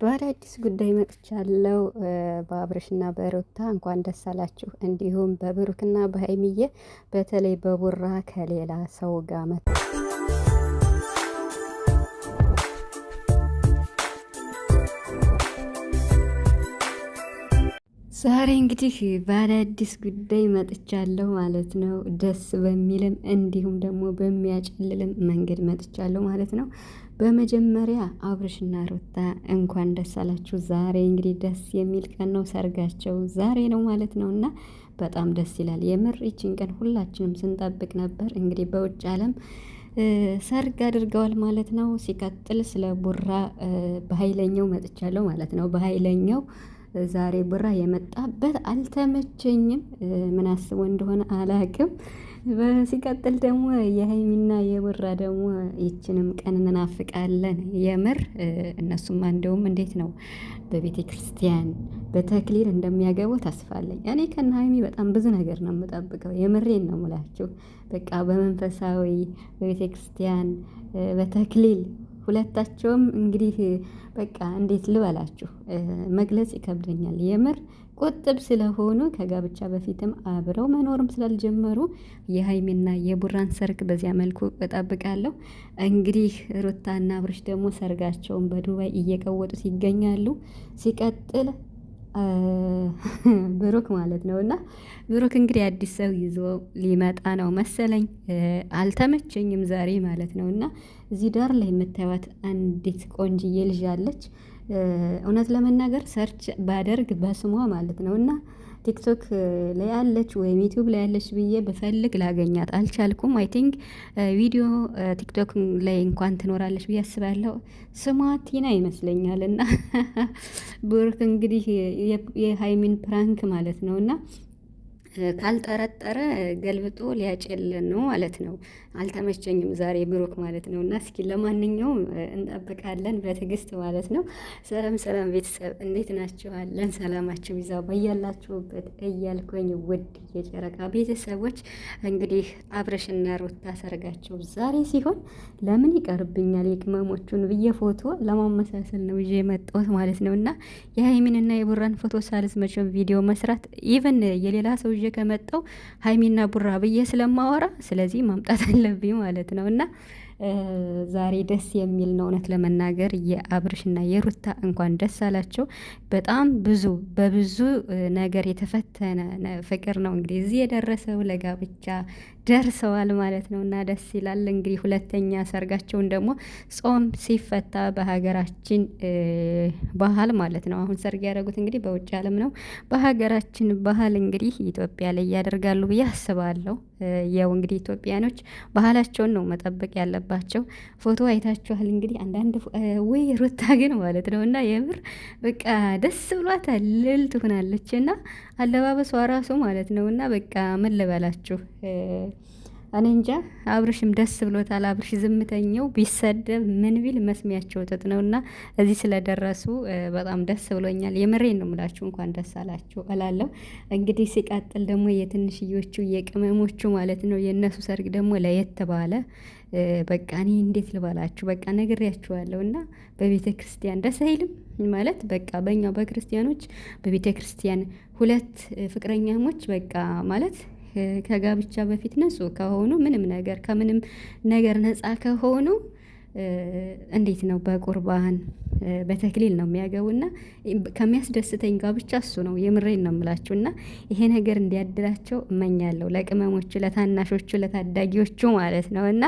በአዳዲስ ጉዳይ መጥቻለሁ። በአብርሽና በሩታ እንኳን ደስ አላችሁ። እንዲሁም በብሩክና በሀይሚዬ በተለይ በቡራ ከሌላ ሰው ጋር መ ዛሬ እንግዲህ በአዳዲስ ጉዳይ መጥቻለሁ ማለት ነው። ደስ በሚልም እንዲሁም ደግሞ በሚያጨልልም መንገድ መጥቻለሁ ማለት ነው። በመጀመሪያ አብርሽና ሩታ እንኳን ደስ አላችሁ። ዛሬ እንግዲህ ደስ የሚል ቀን ነው፣ ሰርጋቸው ዛሬ ነው ማለት ነው እና በጣም ደስ ይላል። የምር ይችን ቀን ሁላችንም ስንጠብቅ ነበር። እንግዲህ በውጭ ዓለም ሰርግ አድርገዋል ማለት ነው። ሲቀጥል ስለ ቡራ በኃይለኛው መጥቻለሁ ማለት ነው። በኃይለኛው ዛሬ ቡራ የመጣበት አልተመቸኝም። ምን አስቦ እንደሆነ አላቅም። ሲቀጥል ደግሞ የሀይሚና የቡራ ደግሞ ይችንም ቀን እንናፍቃለን። የምር እነሱማ እንደውም እንዴት ነው በቤተ ክርስቲያን በተክሊል እንደሚያገቡ ታስፋለኝ። እኔ ከነ ሀይሚ በጣም ብዙ ነገር ነው የምጠብቀው። የምሬን ነው ሙላችሁ። በቃ በመንፈሳዊ በቤተ ክርስቲያን በተክሊል ሁለታቸውም እንግዲህ በቃ እንዴት ልበላችሁ መግለጽ ይከብደኛል የምር ቁጥብ ስለሆኑ ከጋብቻ በፊትም አብረው መኖርም ስላልጀመሩ የሀይሚና የቡራን ሰርግ በዚያ መልኩ እጠብቃለሁ። እንግዲህ ሩታና አብርሽ ደግሞ ሰርጋቸውን በዱባይ እየቀወጡት ይገኛሉ። ሲቀጥል ብሩክ ማለት ነው እና ብሩክ እንግዲህ አዲስ ሰው ይዞ ሊመጣ ነው መሰለኝ። አልተመቸኝም ዛሬ ማለት ነው እና እዚህ ዳር ላይ የምታዩት አንዲት ቆንጅዬ ልጅ አለች። እውነት ለመናገር ሰርች ባደርግ በስሟ ማለት ነው እና ቲክቶክ ላይ አለች ወይም ዩቲዩብ ላይ ያለች ብዬ ብፈልግ ላገኛት አልቻልኩም። አይ ቲንክ ቪዲዮ ቲክቶክ ላይ እንኳን ትኖራለች ብዬ አስባለሁ። ስሟ ቲና ይመስለኛል እና ብሩክ እንግዲህ የሀይሚን ፕራንክ ማለት ነው እና ካልጠረጠረ ገልብጦ ሊያጨልን ነው ማለት ነው። አልተመቸኝም ዛሬ ብሩክ ማለት ነው። እና እስኪ ለማንኛውም እንጠብቃለን በትዕግስት ማለት ነው። ሰላም ሰላም ቤተሰብ እንዴት ናችኋለን? ሰላማችሁ ይዛ በያላችሁበት እያልኩኝ ውድ የጨረቃ ቤተሰቦች እንግዲህ አብረሽና ሩታ ሰርጋቸው ዛሬ ሲሆን ለምን ይቀርብኛል የቅመሞቹን ብዬ ፎቶ ለማመሳሰል ነው ይዤ የመጣሁት ማለት ነው። እና የሀይሚንና የቡራን ፎቶ ሳልስ መቼም ቪዲዮ መስራት ኢቨን የሌላ ሰው ይዤ ከመጣው ሀይሚና ቡራ ብዬ ስለማወራ ስለዚህ ማምጣት አለብኝ ማለት ነው እና ዛሬ ደስ የሚል ነው። እውነት ለመናገር የአብርሽና የሩታ እንኳን ደስ አላቸው። በጣም ብዙ በብዙ ነገር የተፈተነ ፍቅር ነው እንግዲህ እዚህ የደረሰው ለጋብቻ ደርሰዋል ማለት ነው። እና ደስ ይላል እንግዲህ ሁለተኛ ሰርጋቸውን ደግሞ ጾም ሲፈታ በሀገራችን ባህል ማለት ነው። አሁን ሰርግ ያደረጉት እንግዲህ በውጭ ዓለም ነው። በሀገራችን ባህል እንግዲህ ኢትዮጵያ ላይ ያደርጋሉ ብዬ አስባለሁ። ያው እንግዲህ ኢትዮጵያኖች ባህላቸውን ነው መጠበቅ ያለባቸው። ፎቶ አይታችኋል እንግዲህ አንዳንድ ወይ ሩታ ግን ማለት ነው እና የምር በቃ ደስ ብሏታል ልል ትሆናለች እና አለባበሷ ራሱ ማለት ነው እና በቃ ምን ልበላችሁ እኔ እንጃ አብርሽም ደስ ብሎታል። አብርሽ ዝምተኛው ቢሰደብ ምን ቢል መስሚያቸው ወተት ነው እና እዚህ ስለደረሱ በጣም ደስ ብሎኛል። የምሬን ነው ምላችሁ እንኳን ደስ አላችሁ እላለሁ። እንግዲህ ሲቀጥል ደግሞ የትንሽዮቹ የቅመሞቹ ማለት ነው የእነሱ ሰርግ ደግሞ ለየት ባለ በቃ እኔ እንዴት ልባላችሁ፣ በቃ ነግሬያችኋለሁ። እና በቤተ ክርስቲያን ደስ አይልም ማለት በቃ በእኛው በክርስቲያኖች በቤተ ክርስቲያን ሁለት ፍቅረኛሞች በቃ ማለት ከጋብቻ በፊት ንጹህ ከሆኑ ምንም ነገር ከምንም ነገር ነጻ ከሆኑ እንዴት ነው በቁርባን በተክሊል ነው የሚያገቡና ከሚያስደስተኝ ጋብቻ እሱ ነው። የምሬን ነው የምላችሁ እና ይሄ ነገር እንዲያድላቸው እመኛለሁ። ለቅመሞቹ፣ ለታናሾቹ፣ ለታዳጊዎቹ ማለት ነው እና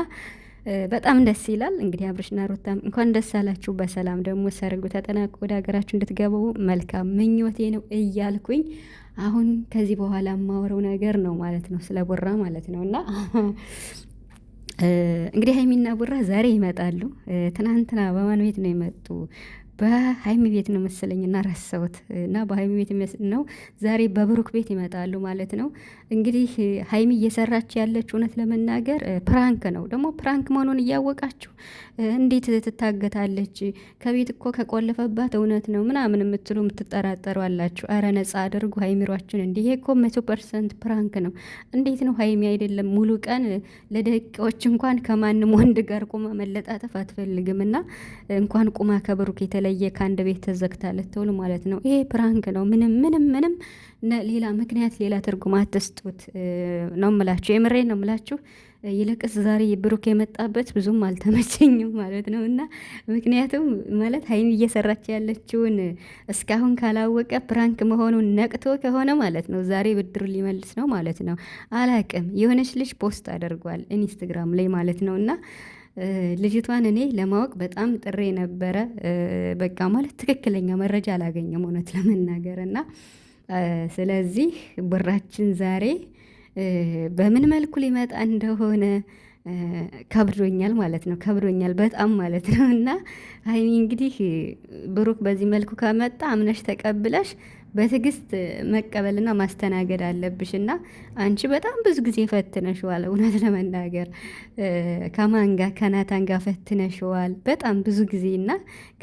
በጣም ደስ ይላል። እንግዲህ አብርሽና ሩታም እንኳን ደስ አላችሁ። በሰላም ደግሞ ሰርጉ ተጠናቆ ወደ ሀገራችሁ እንድትገቡ መልካም ምኞቴ ነው እያልኩኝ አሁን ከዚህ በኋላ የማወረው ነገር ነው ማለት ነው፣ ስለ ቡራ ማለት ነው እና እንግዲህ ሀይሚና ቡራ ዛሬ ይመጣሉ። ትናንትና በማን ቤት ነው የመጡ? በሀይሚ ቤት ነው መሰለኝ እና ረሳሁት እና በሀይሚ ቤት ነው ዛሬ በብሩክ ቤት ይመጣሉ ማለት ነው። እንግዲህ ሀይሚ እየሰራች ያለች እውነት ለመናገር ፕራንክ ነው። ደግሞ ፕራንክ መሆኑን እያወቃችሁ እንዴት ትታገታለች? ከቤት እኮ ከቆለፈባት እውነት ነው ምናምን የምትሉ የምትጠራጠሩ አላችሁ። አረ ነጻ አድርጉ ሀይሚሯችን። እንዲህ እኮ መቶ ፐርሰንት ፕራንክ ነው። እንዴት ነው ሀይሚ አይደለም ሙሉ ቀን ለደቂቃዎች እንኳን ከማንም ወንድ ጋር ቁማ መለጣጠፍ አትፈልግም እና እንኳን ቁማ ከብሩክ የተለ ተለየ ከአንድ ቤት ተዘግታለት ተውሉ ማለት ነው። ይሄ ፕራንክ ነው። ምንም ምንም ምንም ሌላ ምክንያት ሌላ ትርጉም አትስጡት ነው ምላችሁ። የምሬ ነው ምላችሁ። ይልቅስ ዛሬ ብሩክ የመጣበት ብዙም አልተመቸኝም ማለት ነው። እና ምክንያቱም ማለት ሀይሚ እየሰራች ያለችውን እስካሁን ካላወቀ ፕራንክ መሆኑን ነቅቶ ከሆነ ማለት ነው ዛሬ ብድር ሊመልስ ነው ማለት ነው። አላቅም የሆነች ልጅ ፖስት አድርጓል ኢንስትግራም ላይ ማለት ነው እና ልጅቷን እኔ ለማወቅ በጣም ጥሬ ነበረ። በቃ ማለት ትክክለኛ መረጃ አላገኘም እውነት ለመናገር እና ስለዚህ ብራችን ዛሬ በምን መልኩ ሊመጣ እንደሆነ ከብዶኛል ማለት ነው። ከብዶኛል በጣም ማለት ነው። እና ሀይሚ እንግዲህ ብሩክ በዚህ መልኩ ከመጣ አምነሽ ተቀብለሽ በትዕግስት መቀበልና ማስተናገድ አለብሽ እና አንቺ በጣም ብዙ ጊዜ ፈትነሽዋል። እውነት ለመናገር ከማን ጋር ከናታን ጋር ፈትነሽዋል በጣም ብዙ ጊዜ እና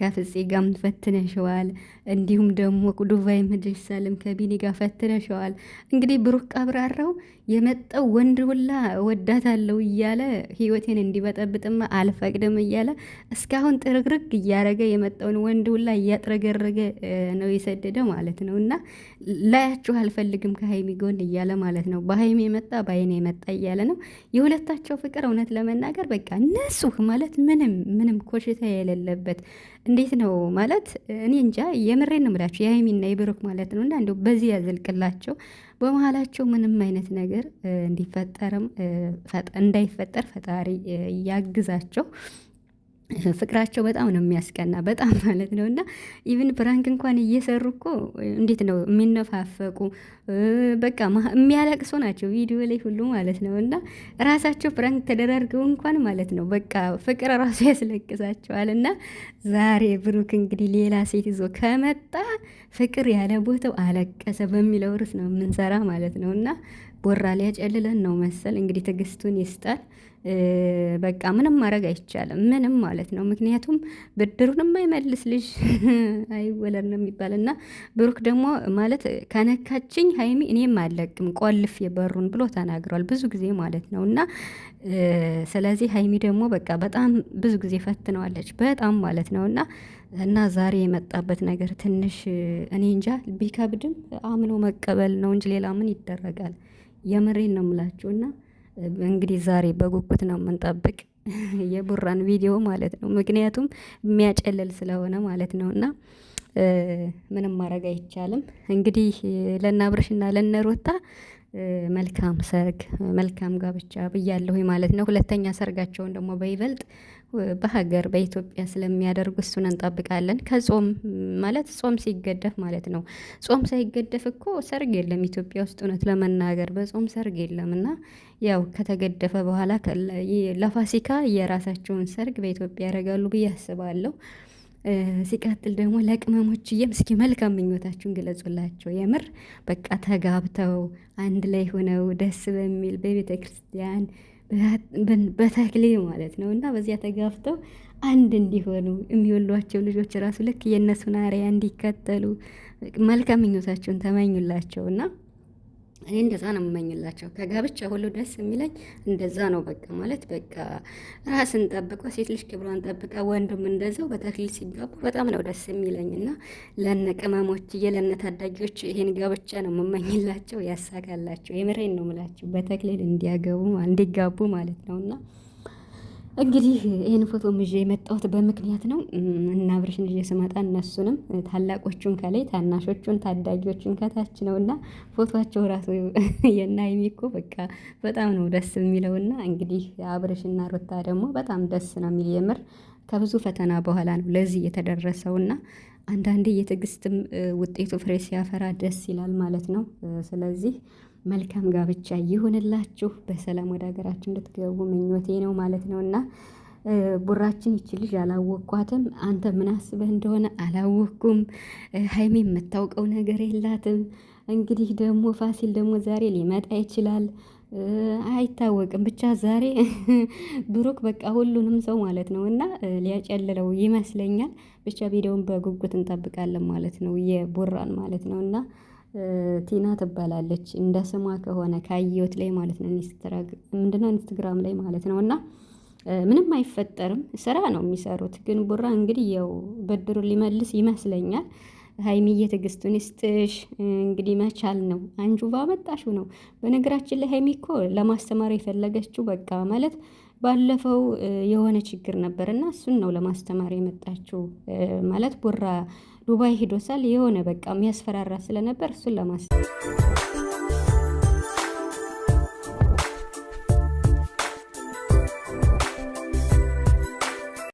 ከፍፄ ጋርም ፈትነሽዋል። እንዲሁም ደግሞ ዱባይ ምድሽ ሰልም ከቢኒ ጋር ፈትነሽዋል። እንግዲህ ብሩክ ቀብራራው የመጣው ወንድ ሁላ ወዳታለው እያለ ህይወቴን እንዲበጠብጥም አልፈቅድም እያለ እስካሁን ጥርግርግ እያረገ የመጣውን ወንድ ሁላ እያጥረገረገ ነው የሰደደ ማለት ነው። እና ላያችሁ አልፈልግም ከሀይሚ ጎን እያለ ማለት ነው። በሀይሚ የመጣ በአይን የመጣ እያለ ነው። የሁለታቸው ፍቅር እውነት ለመናገር በቃ እነሱ ማለት ምንም ምንም ኮሽታ የሌለበት እንዴት ነው ማለት እኔ እንጃ። የምሬን ነው የምላቸው የሀይሚና የብሩክ ማለት ነው እና እንደው በዚህ ያዘልቅላቸው በመሀላቸው ምንም አይነት ነገር እንዲፈጠርም እንዳይፈጠር ፈጣሪ ያግዛቸው። ፍቅራቸው በጣም ነው የሚያስቀና፣ በጣም ማለት ነው። እና ኢቭን ፕራንክ እንኳን እየሰሩ እኮ እንዴት ነው የሚነፋፈቁ፣ በቃ የሚያለቅሶ ናቸው ቪዲዮ ላይ ሁሉ ማለት ነው። እና ራሳቸው ፕራንክ ተደራርገው እንኳን ማለት ነው በቃ ፍቅር ራሱ ያስለቅሳቸዋል። እና ዛሬ ብሩክ እንግዲህ ሌላ ሴት ይዞ ከመጣ ፍቅር ያለ ቦታው አለቀሰ በሚለው ርዕስ ነው የምንሰራ ማለት ነው። እና ቦራ ሊያጨልለን ነው መሰል እንግዲህ ትዕግስቱን ይስጣል። በቃ ምንም ማድረግ አይቻልም፣ ምንም ማለት ነው። ምክንያቱም ብድሩን የማይመልስ ልጅ አይወለድ ነው የሚባል እና ብሩክ ደግሞ ማለት ከነካችኝ ሀይሚ እኔም አለቅም ቆልፍ የበሩን ብሎ ተናግሯል ብዙ ጊዜ ማለት ነው። እና ስለዚህ ሀይሚ ደግሞ በቃ በጣም ብዙ ጊዜ ፈትነዋለች በጣም ማለት ነው እና እና ዛሬ የመጣበት ነገር ትንሽ እኔ እንጃ ቢከብድም አምኖ መቀበል ነው እንጂ ሌላ ምን ይደረጋል? የምሬን ነው የምላችሁ እና እንግዲህ ዛሬ በጉጉት ነው የምንጠብቅ የቡራን ቪዲዮ ማለት ነው። ምክንያቱም የሚያጨልል ስለሆነ ማለት ነው እና ምንም ማድረግ አይቻልም። እንግዲህ ለእነ አብርሽና ለእነ ሩታ መልካም ሰርግ፣ መልካም ጋብቻ ብያለሁ ማለት ነው። ሁለተኛ ሰርጋቸውን ደግሞ በይበልጥ በሀገር በኢትዮጵያ ስለሚያደርጉ እሱን እንጠብቃለን። ከጾም ማለት ጾም ሲገደፍ ማለት ነው። ጾም ሳይገደፍ እኮ ሰርግ የለም ኢትዮጵያ ውስጥ እውነት ለመናገር በጾም ሰርግ የለም። እና ያው ከተገደፈ በኋላ ለፋሲካ የራሳቸውን ሰርግ በኢትዮጵያ ያደርጋሉ ብዬ አስባለሁ። ሲቀጥል ደግሞ ለቅመሞችዬም እስኪ መልካም ምኞታችሁን ግለጹላቸው። የምር በቃ ተጋብተው አንድ ላይ ሆነው ደስ በሚል በቤተ ክርስቲያን በተክሌ ማለት ነው እና በዚያ ተጋብተው አንድ እንዲሆኑ የሚወሏቸው ልጆች ራሱ ልክ የእነሱን አርያ እንዲከተሉ መልካም ምኞታቸውን ተመኙላቸው እና እኔ እንደዛ ነው የምመኝላቸው። ከጋብቻ ሁሉ ደስ የሚለኝ እንደዛ ነው። በቃ ማለት በቃ ራስን ጠብቆ ሴት ልጅ ክብሯን ጠብቀ ወንድም እንደዛው በተክሊል ሲጋቡ በጣም ነው ደስ የሚለኝ እና ለነ ቅመሞች እየ ለነ ታዳጊዎች ይሄን ጋብቻ ነው የምመኝላቸው። ያሳካላቸው። የምሬን ነው ምላቸው በተክሊል እንዲያገቡ እንዲጋቡ ማለት ነው እና እንግዲህ ይህን ፎቶ ይዤ የመጣሁት በምክንያት ነው እና ብርሽን ይዤ ስመጣ እነሱንም ታላቆቹን ከላይ ታናሾቹን ታዳጊዎቹን ከታች ነው እና ፎቶቸው ራሱ የና የሚኮ በቃ በጣም ነው ደስ የሚለው እና እንግዲህ አብርሽና ሩታ ደግሞ በጣም ደስ ነው የሚል የምር ከብዙ ፈተና በኋላ ነው ለዚህ የተደረሰው እና አንዳንዴ የትዕግስትም ውጤቱ ፍሬ ሲያፈራ ደስ ይላል ማለት ነው ስለዚህ መልካም ጋብቻ ይሁንላችሁ። በሰላም ወደ ሀገራችን እንድትገቡ ምኞቴ ነው ማለት ነው እና ቡራችን ይች ልጅ አላወቅኳትም። አንተ ምን አስበህ እንደሆነ አላወቅኩም። ሀይሜ የምታውቀው ነገር የላትም። እንግዲህ ደግሞ ፋሲል ደግሞ ዛሬ ሊመጣ ይችላል፣ አይታወቅም። ብቻ ዛሬ ብሩክ በቃ ሁሉንም ሰው ማለት ነው እና ሊያጨልለው ይመስለኛል። ብቻ ቪዲዮውን በጉጉት እንጠብቃለን ማለት ነው የቡራን ማለት ነው እና ቲና ትባላለች እንደ ስሟ ከሆነ ካየሁት ላይ ማለት ነው። ምንድነው ኢንስትግራም ላይ ማለት ነው። እና ምንም አይፈጠርም፣ ስራ ነው የሚሰሩት። ግን ቡራ እንግዲህ ያው ብድሩ ሊመልስ ይመስለኛል። ሀይሚዬ ትዕግስቱን ይስጥሽ። እንግዲህ መቻል ነው አንጁ ባመጣሽው ነው። በነገራችን ላይ ሀይሚ እኮ ለማስተማር የፈለገችው በቃ ማለት ባለፈው የሆነ ችግር ነበር እና እሱን ነው ለማስተማር የመጣችው። ማለት ቡራ ዱባይ ሂዶሳል የሆነ በቃ የሚያስፈራራ ስለነበር እሱን ለማስተማር